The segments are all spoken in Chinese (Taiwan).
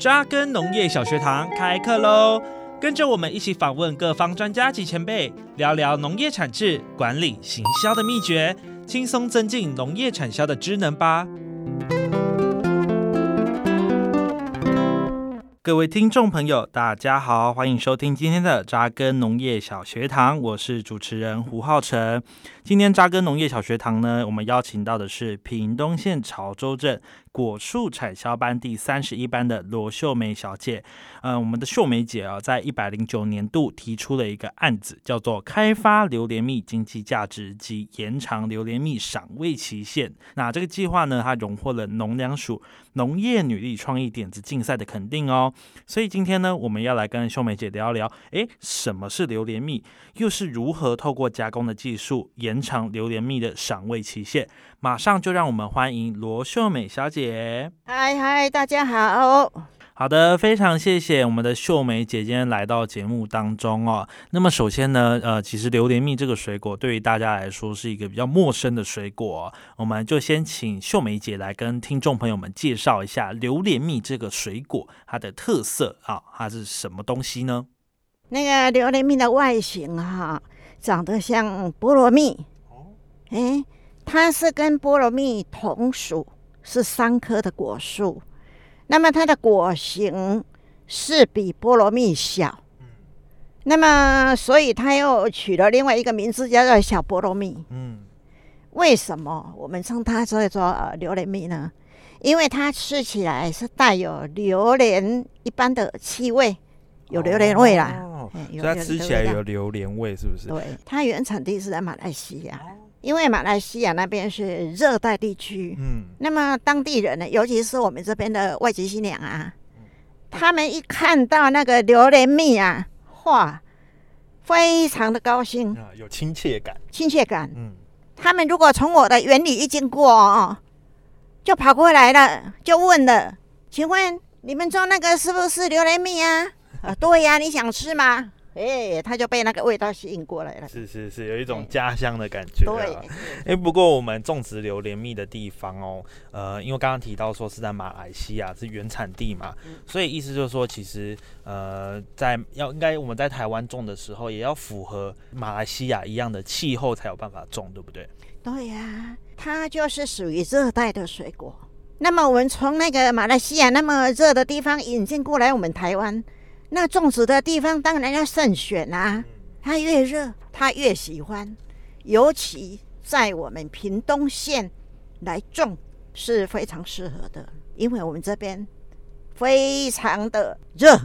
扎根農業小學堂開課嘍！跟着我們一起訪問各方專家及前輩，聊聊農業產製、管理、行銷的秘訣，輕鬆增進農業產銷的知能吧。各位聽眾朋友，大家好，歡迎收聽今天的扎根農業小學堂，我是主持人胡浩成。今天扎根農業小學堂呢，我們邀請到的是屏東縣潮州鎮。果樹產銷班第三十一班的羅秀美小姐，嗯、呃，我們的秀美姐啊、哦，在一百零九年度提出了一個案子，叫做“開發榴蓮蜜經濟價值及延長榴蓮蜜賞味期限”。那這個計劃呢，它榮獲了農糧署農業女力創意點子競賽的肯定哦。所以今天呢，我們要來跟秀美姐聊一聊，哎，什麼是榴蓮蜜，又是如何透過加工的技術延長榴蓮蜜的賞味期限。馬上就讓我們歡迎羅秀美小姐。嗨嗨，大家好。好的，非常謝謝我們的秀美姐姐來到節目當中哦。那麼首先呢，呃，其實榴蓮蜜這個水果對於大家來說是一個比較陌生的水果哦，我們就先請秀美姐來跟聽眾朋友們介紹一下榴蓮蜜這個水果它的特色啊，哦，它是什麼東西呢？那個榴蓮蜜的外形啊，長得像菠蘿蜜。誒它是跟菠蘿蜜同屬，是桑科的果樹。那麼它的果形是比菠蘿蜜小，嗯，那麼所以它又取了另外一個名字，叫做小菠蘿蜜。嗯，為什麼我們稱它叫做、呃、榴蓮蜜呢？因為它吃起來是帶有榴蓮一般的氣味，有榴蓮味啦。哦，嗯、所以它吃起來有榴蓮味，是不是？對，它原產地是在馬來西亞。哦。因為馬來西亞那邊是熱帶地區，嗯，那麼當地人呢，尤其是我們這邊的外籍新娘啊，嗯、他們一看到那個榴蓮蜜啊，哇，非常的高興啊、嗯，有親切感，親切感，嗯，他們如果從我的園裡一經過哦，就跑過來了，就問了，請問你們種那個是不是榴蓮蜜啊？啊，對呀、啊，你想吃嗎？哎，它、欸，就被那個味道吸引過來了。是是是，有一種家鄉的感覺、啊欸。對。哎、欸，不過我們種植榴蓮蜜的地方哦，呃，因為剛剛提到說是在馬來西亞是原產地嘛，嗯、所以意思就是說，其實呃，在要應該我們在台灣種的時候，也要符合馬來西亞一樣的氣候才有辦法種，對不對？對呀、啊，它就是屬於熱帶的水果。那麼我們從那個馬來西亞那麼熱的地方引進過來，我們台灣。那種植的地方當然要慎選啦、啊，它越熱它越喜歡，尤其在我們屏東縣來種是非常適合的，因為我們這邊非常的熱，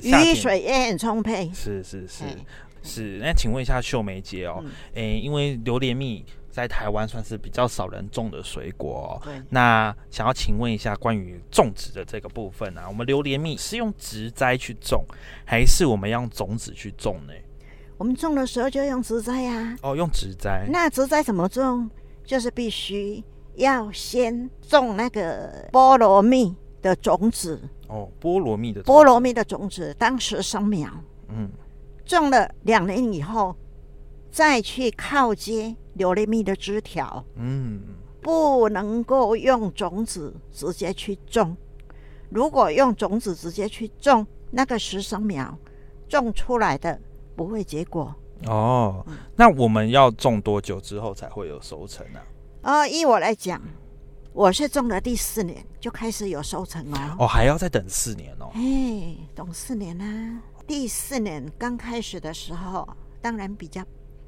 天雨水也很充沛。是是是是、欸、是，那請問一下秀美姐哦，哎、嗯欸，因為榴蓮蜜。在台灣算是比較少人種的水果哦。對，那想要請問一下關於種植的這個部分啊，我們榴蓮蜜是用植栽去種，還是我們要用種子去種呢？我們種的時候就用植栽呀、啊。哦，用植栽。那植栽怎麼種？就是必須要先種那個菠蘿蜜的種子。哦，菠蘿蜜的種子。菠蘿蜜的種子，當時生苗。嗯，種了兩年以後。再去靠接榴蓮蜜的枝條，嗯，不能夠用種子直接去種。如果用種子直接去種，那個實生苗種出來的不會結果。哦，那我們要種多久之後才會有收成呢？哦，依我來講，我是種了第四年就開始有收成哦。哦，還要再等四年哦。哎，等四年啦。第四年剛開始的時候，當然比較。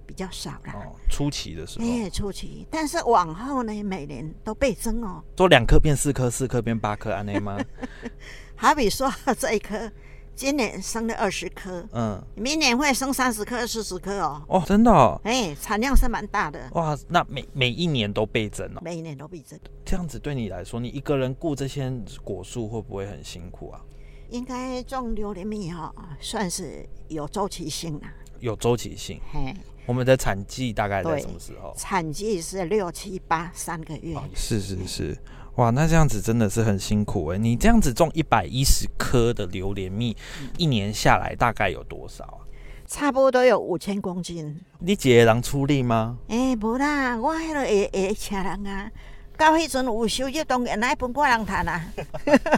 比較少了哦，初期的時候，哎、欸，初期，但是往後呢，每年都倍增哦，做兩棵變四棵，四棵變八棵安安嗎？ 好比說這一棵今年生了二十顆嗯，明年會生三十顆四十顆哦，哦，真的、哦，哎、欸，產量是蠻大的，哇，那每每一年都倍增哦，每一年都倍增，對這樣子對你來說，你一個人顧這些果樹會不會很辛苦啊？應該種榴槤蜜哈、哦，算是有周期性啊。有周期性，嘿我們的產季大概在什麼時候？產季是六七八三個月，哦，是是是，嗯、哇，那這樣子真的是很辛苦哎、欸！你這樣子種一百一十棵的榴蓮蜜，嗯、一年下來大概有多少、啊、差不多有五千公斤。你一個人處理嗎？哎、欸，無啦，我還落會會請人啊。到迄陣午休，一動個那本過人談啊！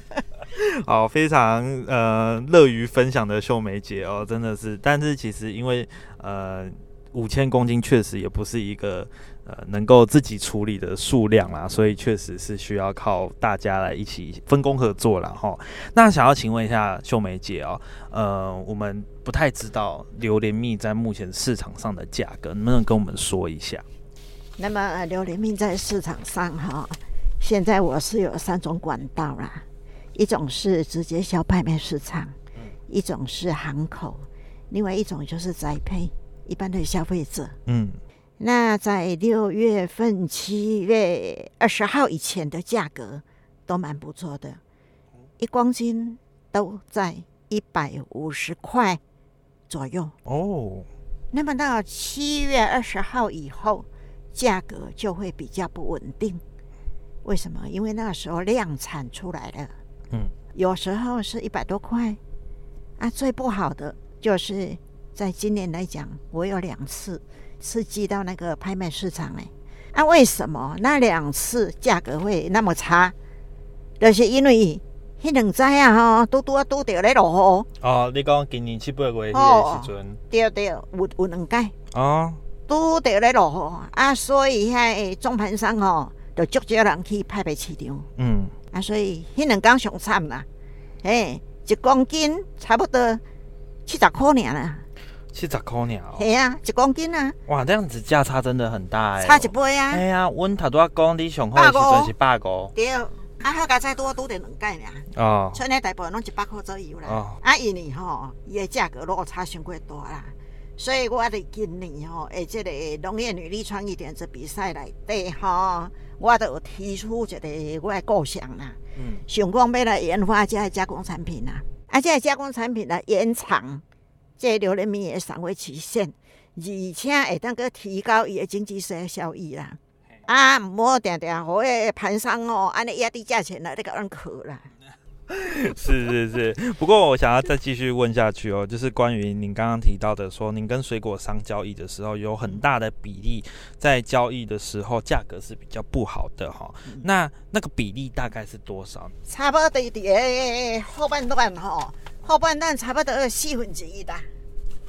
好，非常呃樂於分享的秀梅姐哦，真的是。但是其實因為呃五千公斤確實也不是一個呃能夠自己處理的數量啦，所以確實是需要靠大家來一起分工合作啦哈。那想要請問一下秀梅姐哦，呃我們不太知道榴蓮蜜在目前市場上的價格，能不能跟我們說一下？那麼，榴蓮蜜在市場上哈、哦，現在我是有三種管道啦，一種是直接銷拍賣市場，嗯、一種是行口，另外一種就是宅配，一般的消費者。嗯，那在六月份、七月二十號以前的價格都蠻不錯的，一公斤都在一百五十塊左右哦。那麼到七月二十號以後，價格就會比較不穩定，為什麼？因為那時候量產出來了，嗯，有時候是一百多塊，啊，最不好的就是在今年來講，我有兩次刺激到那個拍賣市場、欸，哎，啊，為什麼那兩次價格會那麼差？就是因為你兩在啊，哈，多多都掉來落。哦，你講今年七八月的時陣，哦、對，對對，有有兩蓋。哦。都得來咯，啊，所以遐中盤商吼，就叫叫人去拍賣市場。嗯，啊，所以迄兩工上慘啦，哎，一公斤差不多七十塊爾啦。七十塊爾、哦？係啊，一公斤啊。哇，這樣子價差真的很大誒、欸。差一倍啊！哎啊，阮頭拄啊講，你上好的時陣是百五。對，啊好，加再多拄得兩塊爾。哦。村裡大部分攏一百塊左右啦。哦、啊，阿姨你吼，伊個價格落差上貴多啦。所以我在、喔，我佇今年吼，誒，這個農業女力創意點子比賽內底吼，我就有提出一個我構想啦，嗯、想講要來研發即個加工產品啦、啊，而、啊、且加工產品呢、啊、延長即榴蓮蜜誒賞味期限，而且會能夠提高伊誒經濟效益啦。嘿啊，唔好定定互誒盤商哦，安尼壓低價錢、啊、我啦，你個人苦啦。 是是是，不過我想要再繼續問下去哦，就是關於您剛剛提到的說，說您跟水果商交易的時候，有很大的比例在交易的時候價格是比較不好的哈、哦。嗯、那那個比例大概是多少？差不多一點、喔，後半段吼，後半段差不多四分之一的。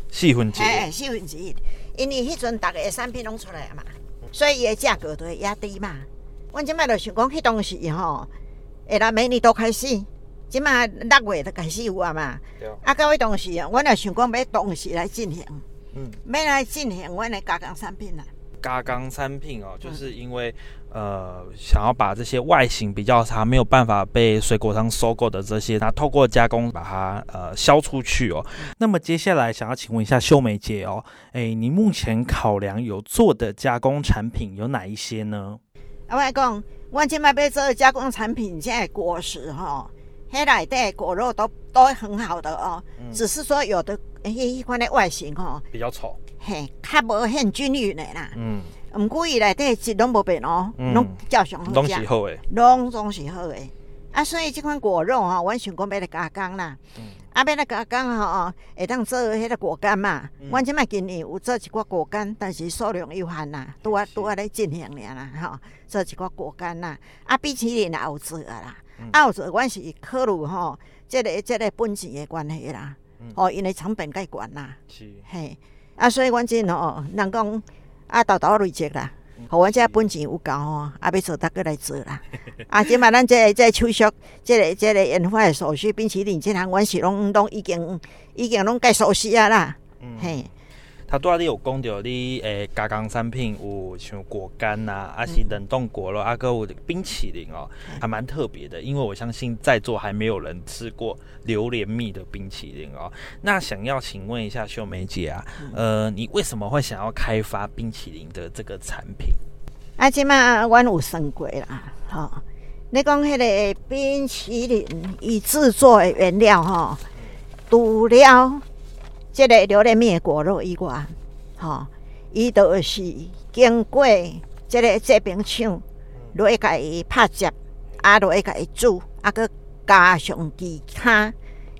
四分之一，哎，四分之一，因為迄陣大家的產品攏出來嘛，所以伊個價格就會壓低嘛。我今賣就想講，迄東西吼，伊拉每年都開始。即嘛六月就開始有啊嘛，嗯、啊各位同事，我也想講要同時來進行，嗯，要來進行我來加工產品啦、啊。加工產品哦，就是因為、嗯、呃想要把這些外形比較差、沒有辦法被水果商收購的這些，它透過加工把它呃銷出去哦。嗯、那麼接下來想要請問一下秀美姐哦，誒、欸，你目前考量有做的加工產品有哪一些呢？啊，我講我今賣要做的加工產品現在果實吼。遐內底果肉都都很好的哦，嗯、只是說有的迄款的外形哦，比較醜，嘿，較無很均勻的啦。嗯，唔過伊內底是攏無變哦，攏叫上好價。攏東西好的，攏東西好的啊，所以這款果肉哦，啊，我想講買來加工啦。嗯啊、要阿邊個阿講吼，會、哦、當做迄個果乾嘛？阮即擺今年有做一寡果乾，但是數量有限吶、啊，拄阿拄阿咧進行咧啦，吼、哦，做一寡果乾吶、啊。啊，冰淇淋也有做啊啦，阿、嗯啊、有做阮是會考慮吼，即、哦這個即、這個本錢誒關係啦，吼、嗯，因為、哦、成本較懸啦，是，嘿。阿、啊、所以阮即吼人講啊，沓沓累積啦。我阮即本錢有夠吼、喔，啊欲做得過來做啦。 啊，即嘛咱即這個這個、手續，即、這個研發的手續，冰淇淋即項阮是攏攏已經已經攏該熟悉啊啦，嗯、嘿。他多阿里有供着你，誒，加工產品有像果乾吶、啊，阿、啊、是冷凍果肉，阿、啊、個有冰淇淋哦，還蠻特別的。因為我相信在座還沒有人吃過榴槤蜜的冰淇淋哦。那想要請問一下秀美姐啊，呃，你為什麼會想要開發冰淇淋的這個產品？阿姐嘛，我們有想過啦，吼、哦，你講迄個冰淇淋以製作的原料、哦，吼，都料。即個榴蓮蜜果肉以外，吼、哦，伊都是經過即個製冰廠，落去家己拍折，啊，落去家己煮，啊，佮加上其他，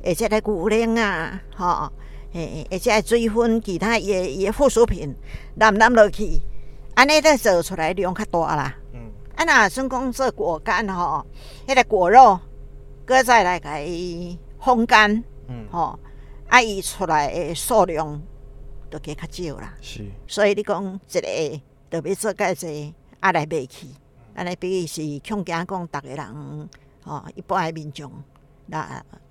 而、這、且個牛奶啊，吼、哦，誒、哎，而、這、且個水分，其他伊伊的附屬品，攏攏落去，安尼才做出來量較大啦。嗯，安若算講做果乾吼，迄、哦那個果肉擱再來家己烘乾，嗯，吼、哦。阿伊、啊、出來的數量都比較少啦，是所以你講一個特別做即個阿來賣去，安、啊、尼比如是窮家講，逐個人吼，一般誒民眾，若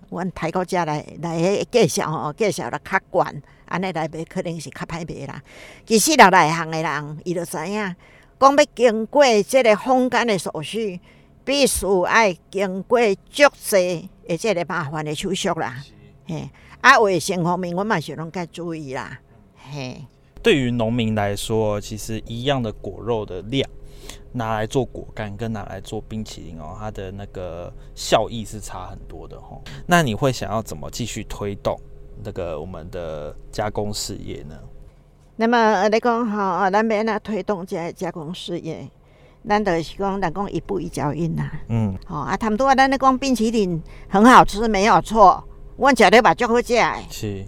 阮泰國遮來來介紹哦，介紹了較懸，安尼來賣，可能是較歹賣啦。其實若內行誒人，伊著知影，講要經過即個烘乾誒手續，必須愛經過足些誒即個麻煩誒手續啦。哎，啊，為先農民，我買雪農該注意啦。嘿，對於農民來說，其實一樣的果肉的量，拿來做果乾跟拿來做冰淇淋哦，它的那個效益是差很多的哈、哦。那你會想要怎麼繼續推動那個我們的加工事業呢？那麼你講好，那邊那推動這加工事業，難得是講，咱講一步一腳印吶。嗯，哦，啊，他們都說咱那講冰淇淋很好吃，沒有錯。阮食的嘛，足好食的。是，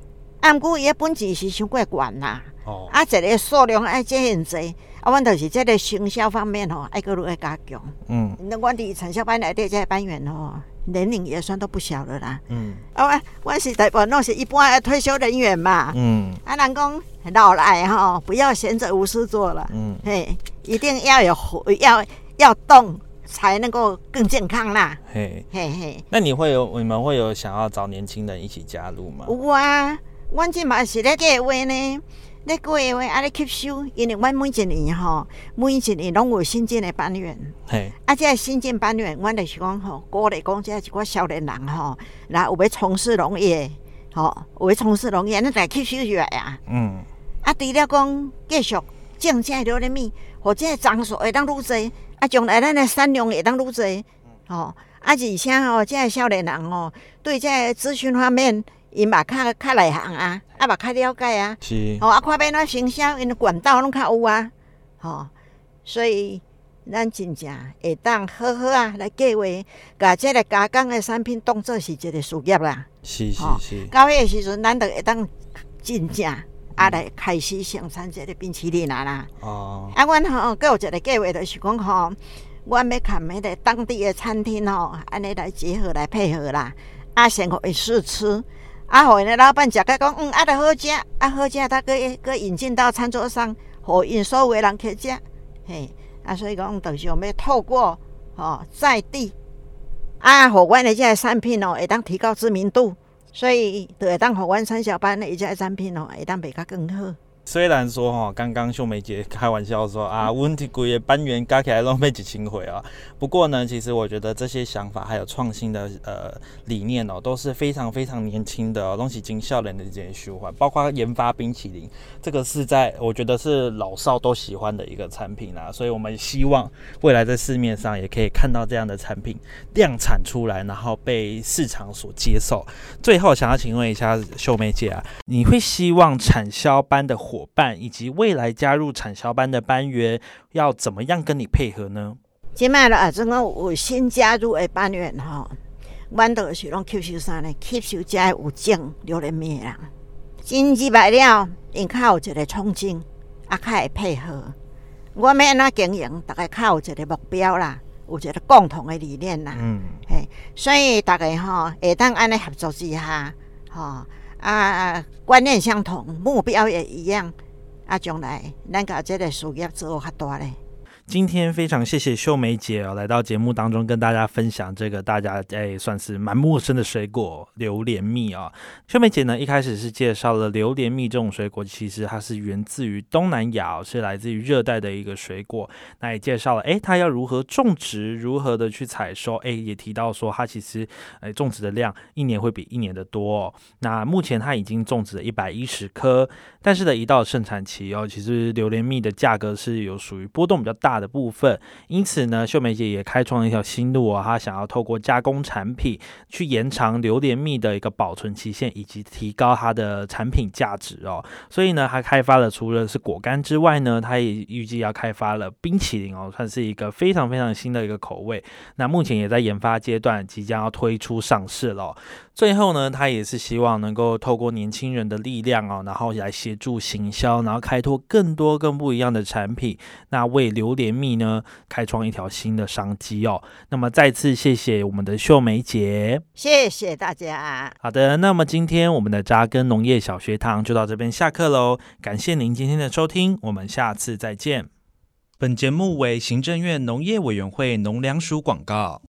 不過伊個本錢是上過懸啦。哦。啊，一個數量愛這現濟，啊，阮就是這個營銷方面哦，愛個路愛加強。嗯。那阮的產銷班內底這些班員哦，年齡也算都不小了啦。嗯。啊，我我是大部，攏是一般退休人員嘛。嗯。啊，人講老來哈、哦，不要閒着無事做了。嗯。嘿，一定要有活，要要動。才能夠更健康啦。嘿嘿嘿，那你會有你們會有想要找年輕人一起加入嗎？有啊，我今嘛是咧個話呢，咧個話啊咧吸收，因為我每一年吼，每一年攏有新進的班員，嘿 Hey.、啊，而且新進班員，我就是講吼，過來講，即係一掛少年人吼，來有要從事農業，吼、哦，有要從事農業，恁來吸收入來啊。嗯，啊，除了講繼續。降價了，勒咪？我這場所會當愈者，啊，將來咱誒善良會當愈者，吼、哦。啊，而且哦，這少年人吼、哦、對這諮詢方面，伊嘛較較內行啊，啊嘛較了解啊，是。哦，啊，看變哪營銷，因管道攏較有啊，吼、哦。所以，咱真正會當好好啊來計劃，甲這個加工誒產品當做是一個事業啦。是是是、哦。是是到迄個時陣，咱就會當真正。啊，來開始生產這個冰淇淋啦啦！哦、啊，阮吼，擱有一個計劃，就是講吼，阮要跟迄個當地的餐廳吼，安尼來集合來配合啦。啊，先互伊試吃，啊，因的老板食甲講，嗯，啊，好食，啊好，好食，他擱擱引進到餐桌上，互因所有的人去食，嘿。啊，所以講，就是要透過吼、哦，在地，啊，互阮的這些產品吼、喔，會當提高知名度。所以，都會當學完產銷班一的一家產品哦，會當賣得更好。雖然說哈，剛、哦、剛秀美姐開玩笑說啊，溫蒂古也班員，加起來都沒幾千回啊。不過呢，其實我覺得這些想法還有創新的呃理念哦，都是非常非常年輕的東西經校人的一些循環，包括研發冰淇淋，這個是在我覺得是老少都喜歡的一個產品啦、啊，所以我們希望未來在市面上也可以看到這樣的產品量產出來，然後被市場所接受。最後想要請問一下秀美姐啊，你會希望產銷班的？伙伴以及未來加入產銷班的班員要怎麼樣跟你配合呢？今買的啊，這我新加入誒班員哈。我是都是用吸收山咧，吸收加有進榴槤蜜啦。經濟買了，因靠一個衝勁，也較會配合。我咩那經營，大家靠一個目標啦，有一個共同的理念啦。嗯，嘿，所以大家哈會當安尼合作之下，哈、哦。啊，啊啊，觀念相同，目標也一樣，啊，將來咱搞這個事業做較大嘞。今天非常謝謝秀美姐哦，來到節目當中跟大家分享這個大家哎、欸、算是蠻陌生的水果——榴蓮蜜哦。秀美姐呢一開始是介紹了榴蓮蜜這種水果，其實它是源自於東南亞，哦，是來自於熱帶的一個水果。那也介紹了哎、欸，它要如何種植，如何的去採收，哎、欸、也提到說它其實哎、欸、種植的量一年會比一年的多，哦。那目前它已經種植了一百一十棵，但是呢一到盛產期哦，其實榴蓮蜜的價格是有屬於波動比較大。大的部分，因此呢，秀美姐也開創了一條新路哦，她想要透過加工產品去延長榴蓮蜜的一個保存期限，以及提高它的產品價值哦。所以呢，她開發了除了是果乾之外呢，她也預計要開發了冰淇淋哦，算是一個非常非常新的一個口味。那目前也在研發階段，即將要推出上市了哦。最後呢，她也是希望能夠透過年輕人的力量哦，然後來協助行銷，然後開拓更多更不一樣的產品，那為榴蓮。解密呢，開創一條新的商機哦。那麼，再次謝謝我們的秀美姐，謝謝大家。好的，那麼今天我們的扎根農業小學堂就到這邊下課嘍。感謝您今天的收聽，我們下次再見。本節目為行政院農業委員會農糧署廣告。